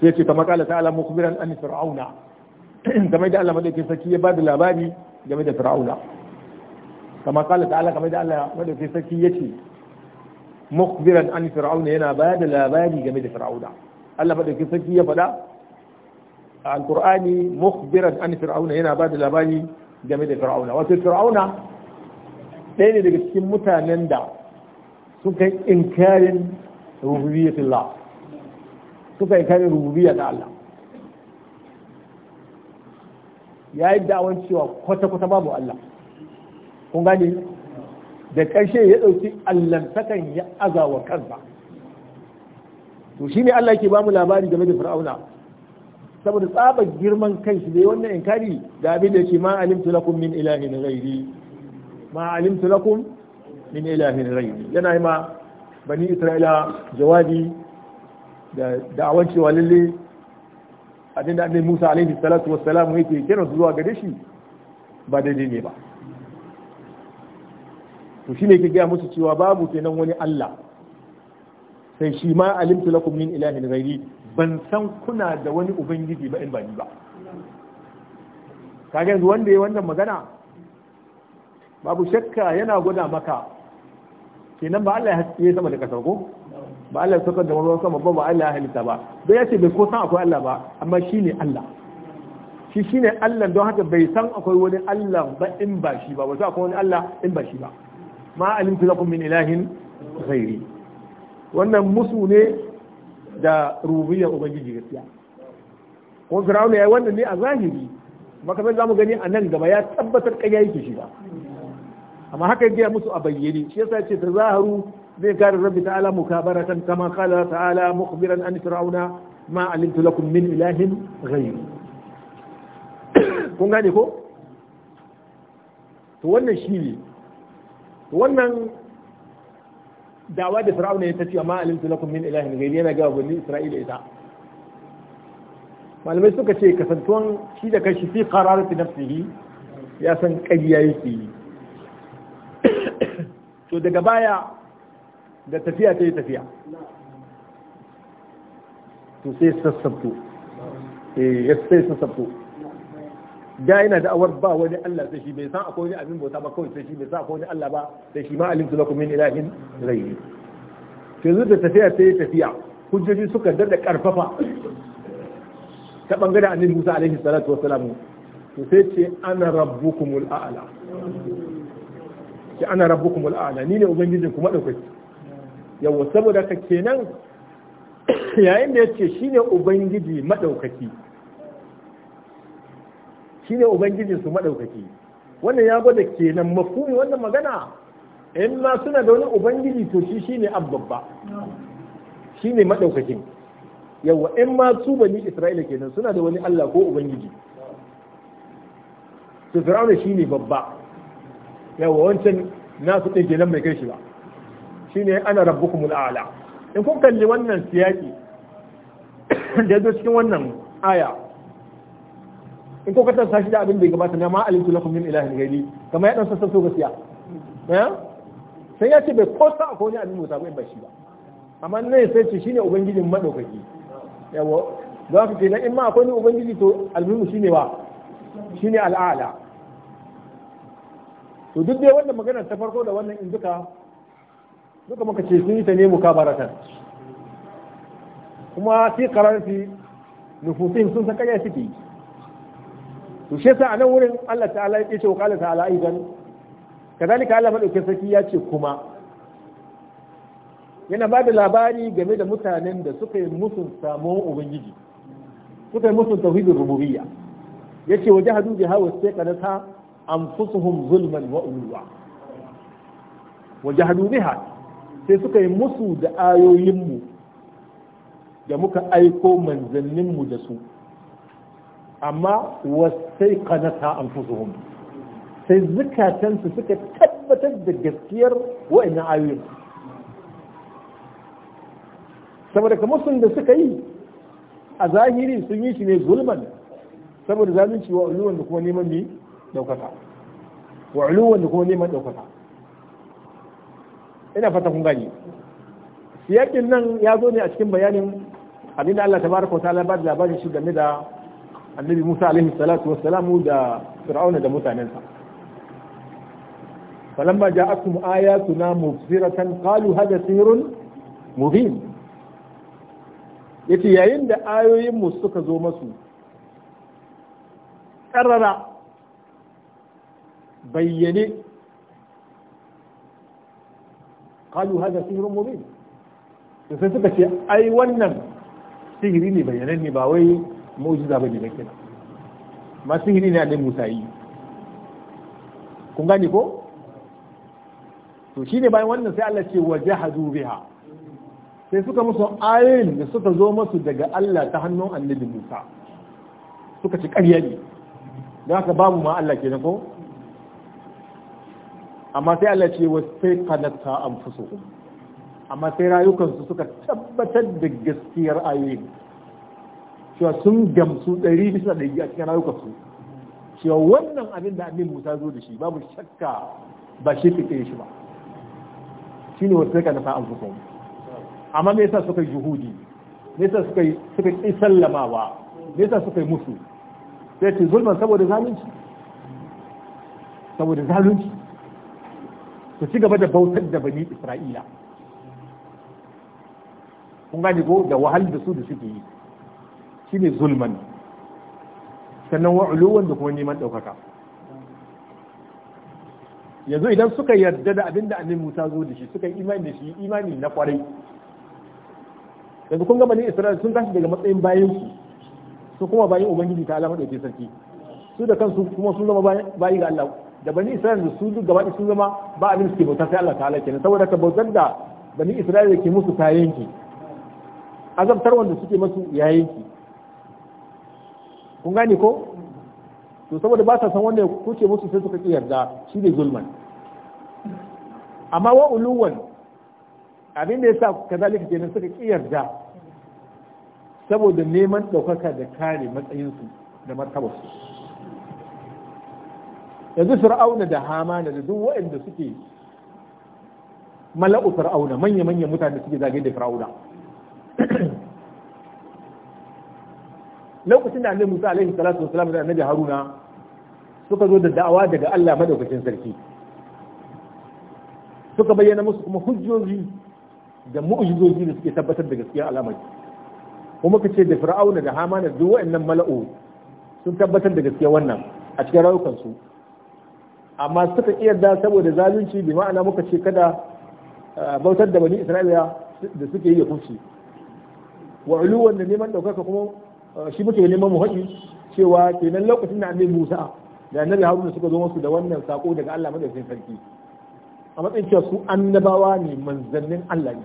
sai ce kamar kala ta'ala mukbiran an fir'auna game da Allah sarki ya bada labari game da fir'auna kamar kala ta'ala da Allah sarki yace mukbiran an fir'auna yana bada labari game da fir'auna Allah sarki ya faɗa a alqur'ani mukbiran an fir'auna yana bada labari game da fir'auna wato fir'auna ɗaya ne daga cikin mutanen da suka yi inkarin rububiyatullah suka yi inkarin rububiyya da Allah ya yi da'awar cewa kwata-kwata babu Allah kun gani da ƙarshe ya ɗauki allantakan ya aza wa kansa to shi ne Allah ke ba mu labari game da fir'auna saboda tsaba girman da yi wannan inkari ga abin da yake ma'alimtu alimtu lakum min ilahin ghairi ma'alimtu alimtu lakum min ilahin Rai yana yi ma bani isra'ila jawabi da da'awar cewa lalle abin da annabi Musa alaihi salatu wassalam yake kira su zuwa gare shi ba daidai ne ba to shine yake gaya musu cewa babu kenan wani Allah sai shi ma alimtu lakum min ilahin ghairi ban san kuna da wani ubangiji ba in ba ba kaga yanzu wanda ya wannan magana babu shakka yana gwada maka kenan ba Allah ya haske sama da kasa ko ba Allah ya saukar da ruwan sama ba ba Allah ya halitta ba bai ya ce bai ko san akwai Allah ba amma shi ne Allah shi shi ne Allah don haka bai san akwai wani Allah ba in ba shi ba wasu akwai wani Allah in ba shi ba ma alimtu lakum min ilahin ghairi wannan musu ne da rububiyyar ubangiji gaskiya kuma firawuna ya yi wannan ne a zahiri maka za zamu gani a nan gaba ya tabbatar ƙarya yake ba. amma haka ya gaya musu a bayyane shi yasa ce ta zaharu zai kare rabbi ta'ala mukabaratan kama qala ta'ala mukhbiran an fir'auna ma alimtu lakum min ilahin ghayr kun gane ko to wannan shi ne wannan dawa da fir'auna ya tafi ma alimtu lakum min ilahin ghayr yana ga bani isra'ila ita malamai suka ce kasantuwan shi da kashi fi qararati nafsihi ya san kai yayi yi to daga baya da tafiya ta yi tafiya to sai sassabto eh sai sassabto da ina da awar ba wani Allah sai shi bai san akwai wani abin bauta ba kawai sai shi bai san akwai wani Allah ba sai shi ma alimtu lakum min ilahin ghayri to yanzu da tafiya ta yi tafiya hujjoji suka dada karfafa ta bangaren annabi Musa alaihi salatu wassalam to sai ce ana rabbukumul a'la ki ana Kuma al'ala ni ne ubangijin da kwaki yawa saboda ka kenan yayin da yace shine ubangiji shi shine ubangijin su maɗaukaki. wannan ya gwada kenan mafumi wannan magana in ma suna da wani ubangiji to shi shi ne shine shi ne maɗaukakin. yawa in ma su bani isra'ila kenan suna da wani Allah ko ubangiji su fir'auna ne babba yawa wancan nasu ɗin kenan bai kai shi ba shi ne ana rabbukumul a'la in kun kalli wannan siyaki da ya zo cikin wannan aya in kuka tantance sashi da abin da ya gabata na ma alimtu lakum min ilahin gari kama ya ɗan sassa so gaskiya eh? sai ya ce bai kosa ko kone abin mutaba in ba shi ba amma ne sai ce ne ubangijin maɗaukaki yawa za ku ce in ma akwai ni ubangiji to shi shine wa shine al'ala to duk dai wannan magana ta farko da wannan in duka duka muka ce sun yi ta ne mukabaratan kuma sai karanti nufufin sun san karya suke to shi yasa a nan wurin Allah ta'ala ya ce wa qala ta'ala aidan kazalika Allah madaukakin sarki ya ce kuma yana ba da labari game da mutanen da suka yi musu samu ubangiji suka yi musu tauhidin rububiyya yace wa jahadu biha sai kadata anfusuhum zulman wa ulwa wa jahadu biha sai suka yi musu da ayoyinmu da muka aiko manzanninmu da su amma wasai kanata anfusuhum sai zukatansu suka tabbatar da gaskiyar wa'annan ayoyin saboda kamar sun da suka yi a zahiri sun yi shi ne zulman saboda zalunci wa uluwan da kuma neman ne ɗaukaka wa uluwan da kuma neman ɗaukaka ina fata kun gani siyakin nan ya zo ne a cikin bayanin abinda Allah ta baraka wata labar labarin shi game da annabi Musa alaihi salatu wassalamu da fir'auna da mutanensa falamma ja'akum ayatuna mufsiratan qalu hadha sirrun mubin yace yayin da ayoyin mu suka zo masu karrara bayyane kalu hada sihirin mubin da sai suka ce ai wannan sihiri ne bayyanan ne ba wai mu'jiza ba ne ba kenan ma sihiri ne a nan musa yi kun gani ko to shi ne bayan wannan sai Allah ce wa jahadu biha sai suka musu ayoyin da suka zo musu daga Allah ta hannun annabi Musa suka ci ƙarya ne da aka babu ma Allah kenan ko amma sai Allah ce wa sai an fuso amma sai rayukansu suka tabbatar da gaskiyar ayoyin cewa sun gamsu ɗari bisa ɗari a cikin rayukansu cewa wannan abin da annabi Musa zo da shi babu shakka ba shi fike shi ba shine wa sai an fuso amma me yasa suka yi juhudi me yasa suka yi suka yi sallamawa me yasa suka yi musu sai ce zulman saboda zalunci saboda zalunci su ci gaba da bautar da bani isra'ila kun gane ko da wahal da su da suke yi shi ne zulman sannan wa'uluwan da kuma neman ɗaukaka yanzu idan suka yarda da abin da annin Musa zo da shi suka imani da shi imani na kwarai yanzu kun gaba ne Isra'ila sun tashi daga matsayin bayan su su kuma bayan ubangiji ta alama da ke sarki su da kansu kuma sun zama bayi ga Allah da bani isra'ila su duk gaba su zama ba abin suke bauta sai Allah ta'ala kenan saboda ka bautar da bani isra'ila ke musu ta yanki azabtar wanda suke masu ya yanki kun gane ko to saboda ba sa san wanda kuke musu sai suka ki yarda shi ne zulman amma wa uluwan abin da yasa kazalika kenan suka ki yarda saboda neman daukaka da kare matsayinsu da martabarsu yanzu fir'auna da hamana da duk waɗanda suke mala'u fir'auna manya-manya mutane suke zagaye da fir'auna lokacin da annabi Musa alaihi salatu wasalam da annabi Haruna suka zo da da'awa daga Allah madaukakin sarki suka bayyana musu kuma hujjoji da mu'jizoji da suke tabbatar da gaskiya al'amari kuma kace da fir'auna da hamana duk waɗannan mala'u sun tabbatar da gaskiya wannan a cikin rayukansu amma suka yarda saboda zalunci bi ma'ana muka ce kada bautar da bani isra'ila da suke yi ya kuce wa uluwan da neman ɗaukaka kuma shi muke neman mu cewa kenan lokacin da annabi Musa da annabi Haruna suka zo musu da wannan sako daga Allah madaukakin sarki a matsayin cewa su annabawa ne manzannin Allah ne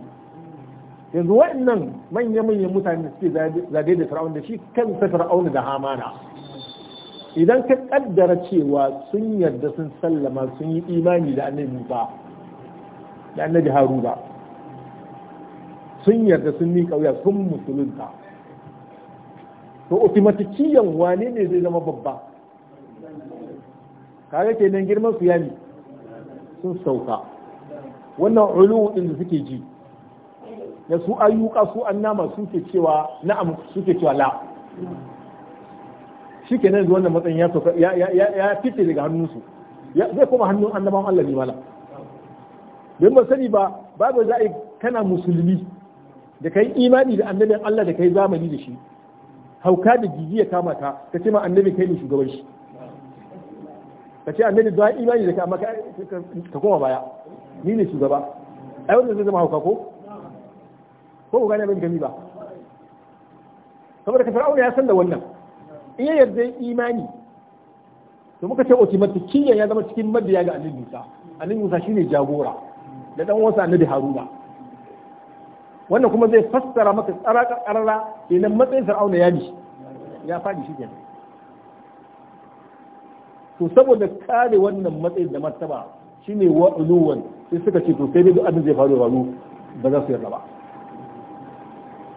yanzu waɗannan manya-manyan mutane da suke zagaye da fir'aun da shi kansa fir'aun da hamana idan ka kaddara cewa sun yarda sun sallama sun yi imani da annabi ba da annabi haru ba sun yarda sun miƙa wuya sun musulunta to otomatikiyan wane ne zai zama babba kaga nan girman su yani sun sauka wannan ulu din da suke ji da su ayyuka su annama suke cewa na'am suke cewa la shi ke nan wannan matsayin ya sauka ya fice daga hannunsu zai koma hannun annabawan Allah ne mala don ba sani ba babu za a kana musulmi da kai imani da annabin Allah da kai zamani da shi hauka da jiji ya kama ka ka ce ma annabi kai ne shugaban shi ka ce annabi za imani da ka amma ka koma baya ni ne shugaba ai wanda zai zama hauka ko ko ku gane abin gani ba saboda ka fara'auna ya san da wannan in ya yarda imani to muka ce otimatikiyya ya zama cikin mabiya ga annabi Musa annabi Musa shine jagora da dan na annabi Haruna wannan kuma zai fassara maka tsara karara kenan matsayin Fir'auna ya bi ya fadi shi kenan to saboda kare wannan matsayin da martaba shine wa uluwan sai suka ce to sai dai abin zai faru faru ba za su yarda ba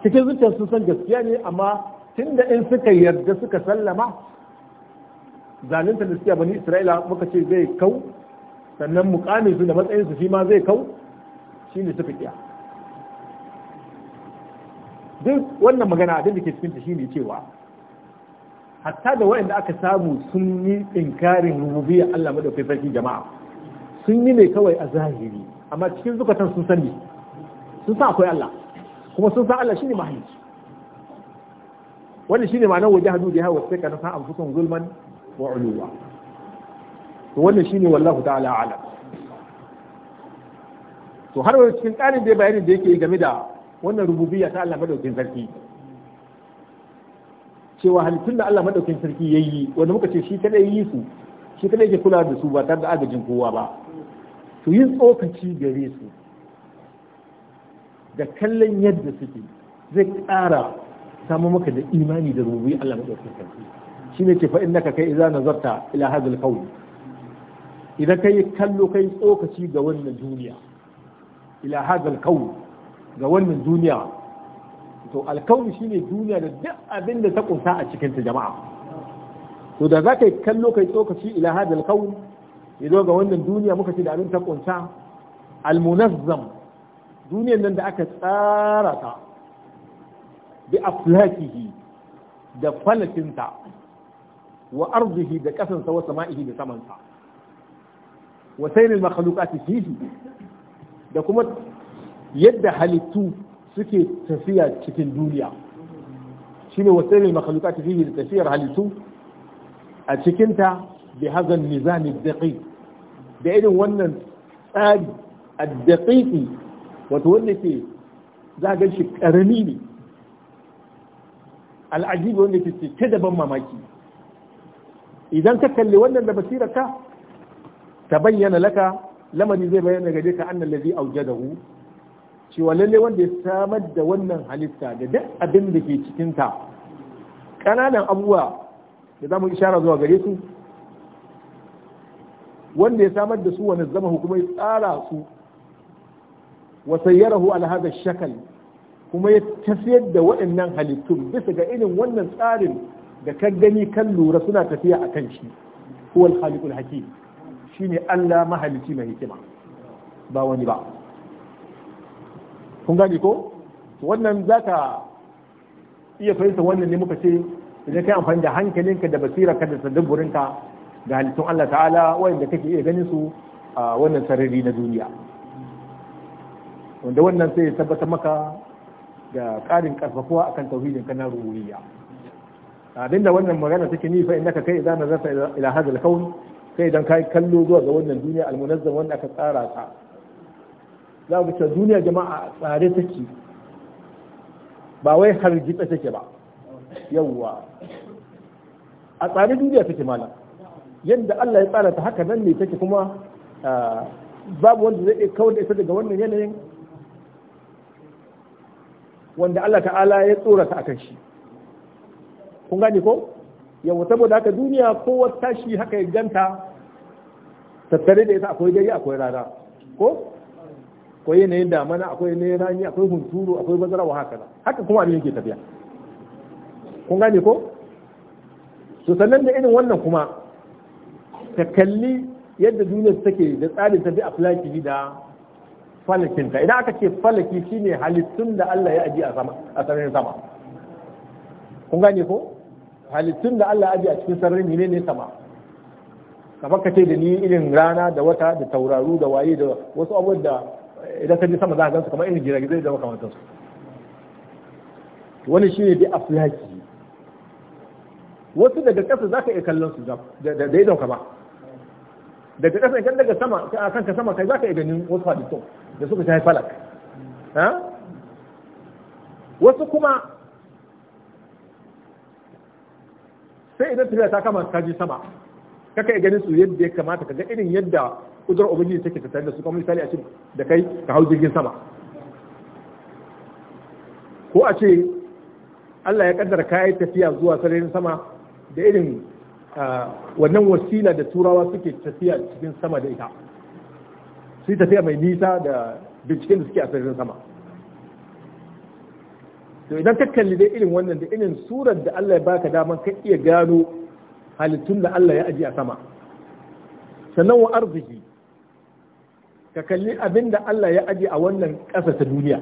cikin zuciyar sun san gaskiya ne amma tunda in suka yarda suka sallama zalinta da suke bani isra'ila muka ce zai kau sannan mukamin su da matsayin su shi ma zai kau shi ne suka kiya duk wannan magana abin da ke cikin ta shine cewa hatta da waɗanda aka samu sun yi inkarin rububiyya Allah madaukai sarki jama'a sun yi ne kawai a zahiri amma cikin zukatan sun sani sun sa akwai Allah kuma sun sa Allah shine mahalicci wannan shine ma'anar da biha wa sakana fa anfusuhum zulman wa uluwa to wannan shine wallahu ta'ala ala to har wani cikin tsarin da bayanin da yake game da wannan rububiyya ta Allah madaukin sarki cewa halittun da Allah madaukin sarki yayi wanda muka ce shi kada yi su shi kada yake kula da su ba tare da agajin kowa ba to yin tsokaci gare su da kallon yadda suke zai ƙara samu maka da imani da rububi Allah madaukakin sarki shine ke fa innaka kai idza nazarta ila hadhal qawl idan ka yi kallo kai tsokaci ga wannan duniya ila hadhal qawl ga wannan duniya to shi ne duniya da duk abin da ta kunsa a cikin ta jama'a to da za ka yi kallo kai tsokaci ila hadal kaun ya ga wannan duniya muka ce da abin ta kunsa almunazzam duniyan nan da aka tsara ta bi aflakihi da falakinta wa arzihi da kasansa wa sama'ihi da samansa wa sayril makhluqati fihi da kuma yadda halittu suke tafiya cikin duniya shine wa sayril makhluqati fihi da tafiyar halittu a cikinta bi hazan nizami daqiq da irin wannan tsari a daqiqi wato wanda ke za ga shi karami ne al'ajibi wanda ke ce da ban mamaki idan ka kalli wannan da basirar ka ta bayyana laka lamari zai bayyana gare ka annal ladhi awjadahu cewa lalle wanda ya samar da wannan halitta da duk abin da ke cikinta ƙananan kananan abubuwa da za mu ishara zuwa gare su wanda ya samar da su wani zama hukumai tsara su wasayyarahu alhazar shakal kuma ya tafiyar da waɗannan halittun bisa ga irin wannan tsarin da kan gani kan lura suna tafiya a kan shi huwal khaliqul hakim ne Allah mahalici mai hikima ba wani ba kun gane ko wannan za ka iya fahimta wannan ne muka ce idan kai amfani da hankalinka da basirarka da tadabburinka da halittun Allah ta'ala wanda kake iya ganin su a wannan sarari na duniya wanda wannan sai ya tabbatar maka da karin karfafuwa akan tauhidin kana abin abinda wannan magana take ni fa innaka kai idan nazarta ila hadal al kai idan kai kallo zuwa ga wannan duniya almunazzam wanda aka tsara ta za ku ce duniya jama'a tsare take ba wai har hargitsa take ba yawwa a tsare duniya take malam yadda Allah ya tsara ta haka nan ne take kuma ah, babu wanda zai iya kawar da ita daga wannan yanayin wanda Allah ta'ala ya tsorata a kan shi kun gane ko yau saboda haka duniya kowa tashi haka ya ganta tattare da ita akwai dare akwai rana ko akwai yanayin damana akwai yanayin rani akwai hunturu akwai bazara wa haka haka kuma abin yake tafiya kun gane ko to sannan da irin wannan kuma ka kalli yadda duniya take da tsarin tafi a flaki da falakinta idan aka ce falaki shine halittun da Allah ya aji a sama a sararin sama kun gane ko halittun da Allah ya aji a cikin sararin ne ne sama kamar ka ce da ni irin rana da wata da tauraru da waye da wasu abubuwan da idan ka je sama za ka gansu kamar irin giragizai da makamantansu wani shine bi aflaki wasu daga ƙasa za ka iya kallon su da idon ka ba daga ƙasa idan daga sama a ka sama kai za ka iya ganin wasu da suka shafi falak wasu kuma sai idan tafiya ta kama ka ji sama kaka iya ganin su yadda ya kamata ka ga irin yadda kudurar ubangiji take tattare da su kuma misali a ce da kai ka hau jirgin sama ko a ce Allah ya kaddara kayan tafiya zuwa sararin sama da irin wannan wasila da turawa suke tafiya cikin sama da ita su tafiya mai nisa da binciken da suke a sararin sama to idan ka kalli dai irin wannan da irin surar da Allah ya baka daman ka iya gano halittun da Allah ya aji a sama sannan wa arziki ka kalli abin da Allah ya aji a wannan ƙasa ta duniya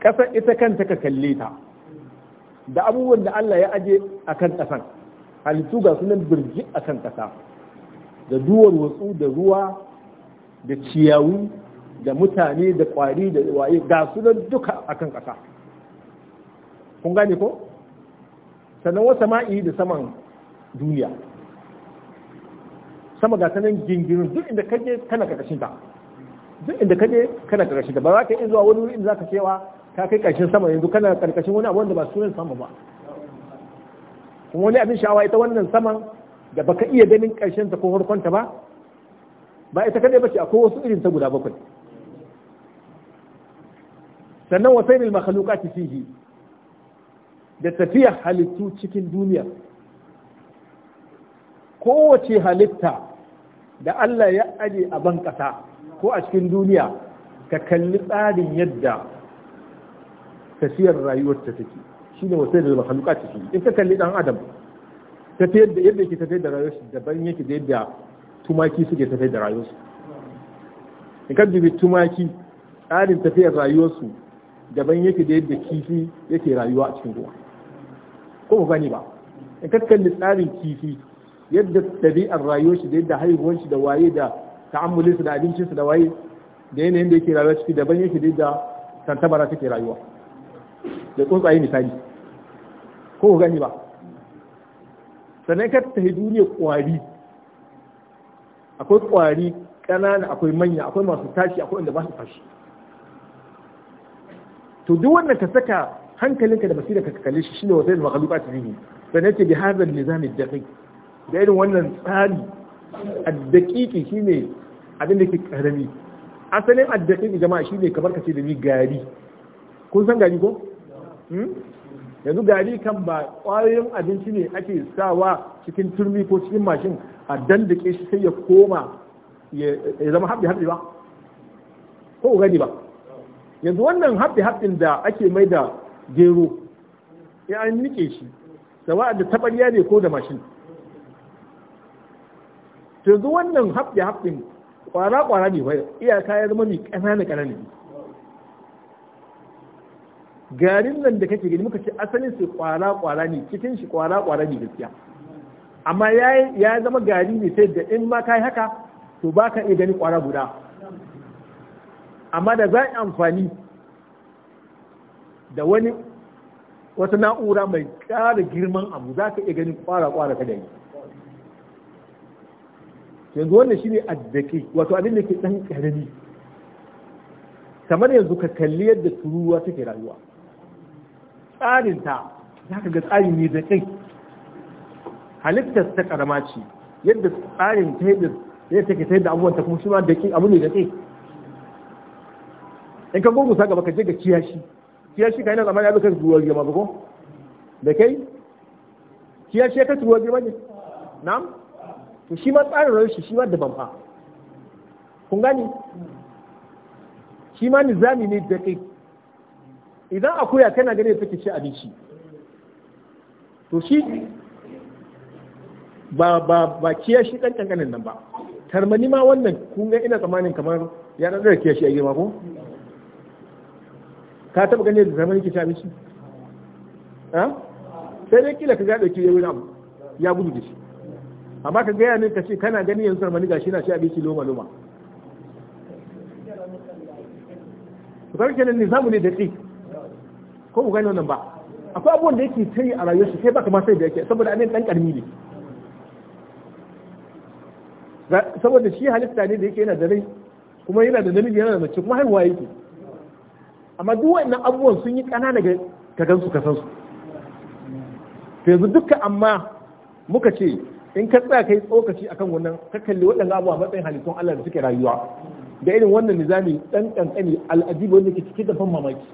ƙasa ita kanta ka kalle ta da abubuwan da Allah ya aje a kan ƙasan halittu ga sunan birji a kan ƙasa da duwar watsu da ruwa da ciyawu da mutane da ƙwari da waye ga sunan duka a kan ƙasa kun gane ko sannan wata ma'i da saman duniya sama ga sanan gingirin duk inda kaje kana karkashin ta duk inda kaje kana karkashin ta ba za ka iya zuwa wani wuri inda za ka cewa ka kai ƙarshen sama yanzu kana karkashin wani abu wanda ba sunan sama ba kuma wani abin sha'awa ita wannan saman da baka iya ganin ƙarshen ta ko harkonta ba ba ita kadai bace akwai wasu irin ta guda bakwai sannan wasailul makhluqati fihi da tafiya halittu cikin duniya kowace halitta da Allah ya aje a ban ƙasa ko a cikin duniya ka kalli tsarin yadda tafiyar rayuwar ta take ne wasai da makhluka ciki in ka kalli dan adam tafiyar da yadda yake tafiyar da rayuwar shi daban yake da yadda tumaki suke tafiyar da rayuwar su in ka dubi tumaki tsarin tafiyar rayuwar su daban yake da yadda kifi yake rayuwa a cikin ruwa ko ba gani ba in ka kalli tsarin kifi yadda ɗabi'ar rayuwar shi da yadda haihuwar shi da waye da ta'ammulin su da abincin su da waye da yanayin da yake rayuwa ciki daban yake da yadda tantabara take rayuwa da tsuntsaye misali ko ku gani ba sannan ka tafi duniya kwari akwai kwari ƙanana akwai manya akwai masu tashi akwai inda ba su tashi to duk wannan ka saka hankalinka da basira ka kalle shi shine wasai da makhluqat ne sannan ce bi hadha nizam ad-daqiq da irin wannan tsari a daƙiƙi shine abin da ke ƙarami. asalin a daƙiƙi jama'a shine kamar ka ce da ni gari kun san gari ko hmm? yanzu gari kan ba ƙwayoyin abinci ne ake sawa cikin turmi ko cikin mashin a dandake shi sai ya koma ya zama haɗe haɗe ba ko gani ba yanzu wannan haɗe haɗin da ake mai da gero ya an nike shi sawa da tabariya ne ko da mashin yanzu wannan haɗe haɗin ƙwara-ƙwara ne ba iyaka ya zama mai ƙanana ƙanana ne garin nan da kake gani muka ce asalin su kwara kwara ne cikin shi kwara kwara ne gaskiya amma ya zama gari ne sai da in ma kai haka to baka iya gani kwara guda amma da za a amfani da wani wata na'ura mai ƙara girman abu za ka iya gani kwara kwara ka gani yanzu wannan shine addake wato abin da ke dan karami kamar yanzu ka kalli yadda turuwa take rayuwa tsarinta za ka ga tsarin ne da kai halittar ta karama ce yadda tsarin ta da ya take ta da abubuwan ta kuma shi ma da abu ne da kai in ka gurgusa gaba ka je ga kiyashi kiyashi ka yi na zamani ya zaka ruwa girma ba ko da kai kiyashi ya kasu ruwa girma ne na'am to shi ma tsarin rayuwar shi shi ma daban fa kun gani shi ma nizami ne da kai idan akuya kana gane take ci abinci to shi ba ba ba kiya shi dan kankanin nan ba tarmani ma wannan kun ga ina tsammanin kamar ya dan da kiya shi a girma ko ka taba gane da tarmani ke ci abinci ha sai dai kila ka ga dauki yayin abu ya gudu da shi amma ka gaya min ka ce kana gani yanzu tarmani gashi na ci abinci loma loma to kar kenan ne zamu ne da tsi ko ku nan wannan ba akwai abubuwan da yake ta yi a rayuwarsa sai ba baka ma sai da yake saboda abin dan karmi ne saboda shi halitta ne da yake yana da rai kuma yana da namiji yana da mace kuma haihuwa yake amma duk wannan abubuwan sun yi kanana ga ka gansu ka san su to yanzu duka amma muka ce in ka tsaya kai tsokaci akan wannan ka kalli waɗannan abubuwa matsayin halittun Allah da suke rayuwa da irin wannan nizami ɗan ƙanƙani al'ajibi wanda ke cike da ban mamaki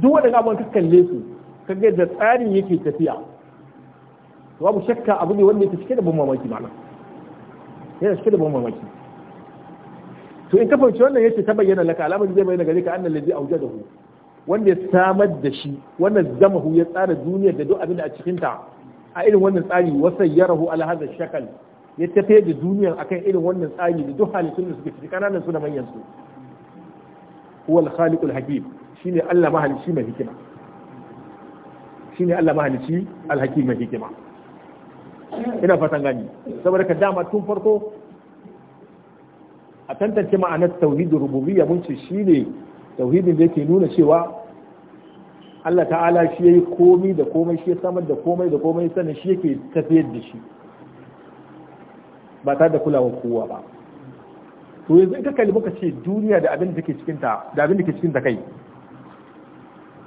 duk wanda abubuwan ka kalle su ka ga da tsarin yake tafiya to babu shakka abu ne wanda yake cike da ban mamaki malam yana cike da ban mamaki to in ka fahimci wannan yace ta bayyana laka alamar zai bayyana gare ka annal ladzi awjadahu wanda ya samar da shi wannan zamahu ya tsara duniyar da duk abin da a cikin ta a irin wannan tsari wasa yarahu ala hadha shakal ya tafe da duniyar akan irin wannan tsari da duk halittun da suke cikin kananan su da manyan su huwa al-khaliqul hakim shine Allah mahalici mai hikima shine Allah mahalici alhakim mai hikima ina fatan gani saboda ka dama tun farko a tantance ma'anar tauhidin rububiyya mun ce shine tauhidin da yake nuna cewa Allah ta'ala shi yayi komai da komai shi ya samar da komai da komai sannan shi yake tafiyar da shi ba tare da kulawar kowa ba to yanzu in ka kalli muka ce duniya da abin da ke cikin ta da abin da ke cikin ta kai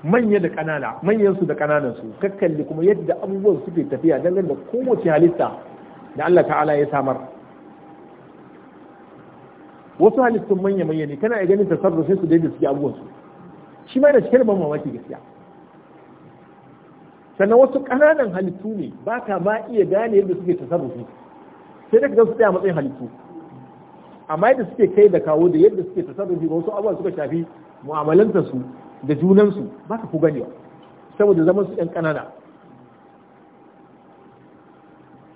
manya da kanana manyan su da kananan su kakkalli kuma yadda abubuwan suke tafiya dangane da kowace halitta da Allah ta'ala ya samar wasu halittun manya manya ne kana ganin tasarrufin su da yadda suke abubuwan su shi ma da cikin ban mamaki gaskiya sannan wasu kananan halittu ne ba ka ba iya gane yadda suke tasarrufi sai da ka su tsaya matsayin halittu amma yadda suke kai da kawo da yadda suke tasarrufi ba wasu abubuwan suka shafi mu'amalantar su da junansu ba ka ku ba saboda zaman su 'yan ƙanana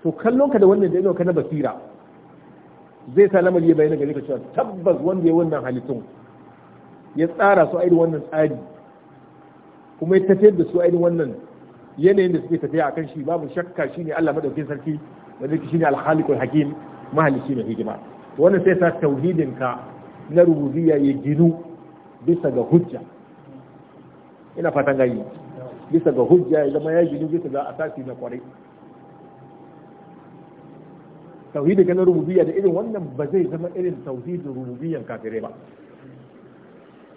to kallon ka da wannan da ka na basira zai sa lamari ya bayyana gare ka cewa tabbas wanda ya wannan halittun ya tsara su ainihin wannan tsari kuma ya tafiyar da su ainihin wannan yanayin da suke tafiya akan shi babu shakka shi ne Allah maɗaukin sarki da zai shi ne alhalikul hakim mahalici mai hikima wannan sai sa tauhidinka na rububiyya ya ginu bisa ga hujja ina fatan gani bisa ga hujja ya zama ya ne bisa ga asasi na kwarai tauhidi ga na rububiyya da irin wannan ba zai zama irin tauhidin rububiyyan kafirai ba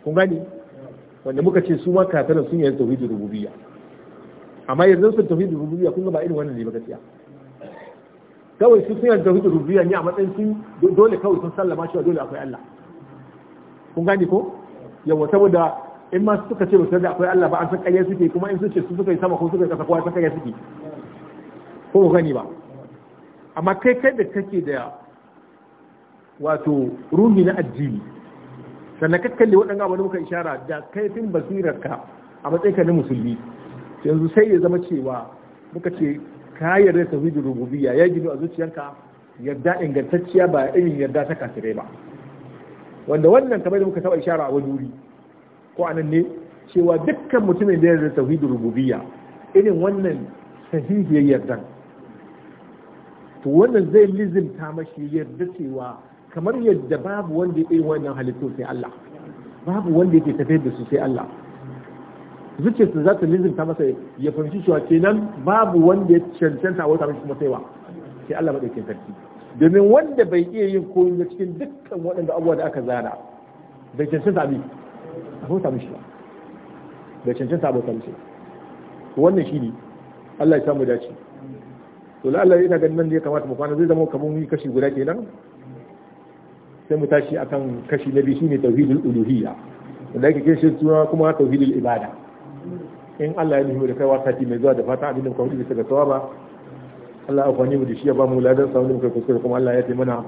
kun gani wanda muka ce su ma kafirin sun yi tauhidin rububiyya amma yanzu sun tauhidin rububiyya kun ga ba irin wannan ne ba gaskiya kawai su sun yi tauhidin rububiyya ne a matsayin sun dole kawai sun sallama cewa dole akwai Allah kun gani ko yawa saboda in ma suka ce musu da akwai Allah ba an san ƙarya suke kuma in sun ce su suka yi sama ko suka yi kasa kowa san ƙarya suke ko ba gani ba amma kai kai da kake da wato ruhi na addini sannan ka kalli waɗanda abu da muka ishara da kaifin basirarka a matsayinka na musulmi yanzu sai ya zama cewa muka ce ka yarda tauhidin rububiyya ya gido a zuciyarka yarda ingantacciya ba irin yarda ta kasirai ba wanda wannan kamar da muka taɓa ishara a wani wuri ko anan ne cewa dukkan mutumin da ya yarda tauhidul rububiya irin wannan ya yarda to wannan zai lizimta mashi yarda cewa kamar yadda babu wanda ya wannan halittu sai Allah babu wanda ya ke tafiyar da su sai Allah zuciyarsa za ta lizimta masa ya fahimci cewa kenan babu wanda ya cancanta wata mashi kuma saiwa sai Allah madaukakin sarki domin wanda bai iya yin koyi cikin dukkan waɗanda abubuwa da aka zara bai cancanta abin ka huta mishi ba da cancanta abota mishi wannan shi ne Allah ya samu dace to la Allah yana ganin nan da ya kamata mafana zai zama kamun yi kashi guda nan sai mu tashi akan kashi na biyu ne tauhidul uluhiyya da ake shi suna kuma tauhidul ibada in Allah ya nufi da kaiwa sati mai zuwa da fata abin da kuma bisa ga tawaba Allah ya mu da shi ya ba mu ladan sa wani muka kuskure kuma Allah ya taimana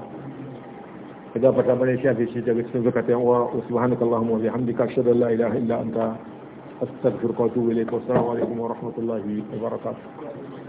ya gafarta mana ya shafe shi daga cikin zakata yan uwa wa subhanaka allahumma wa bihamdika ashhadu la ilaha illa anta astaghfiruka wa atubu da wa assalamu alaikum wa rahmatullahi wa barakatuh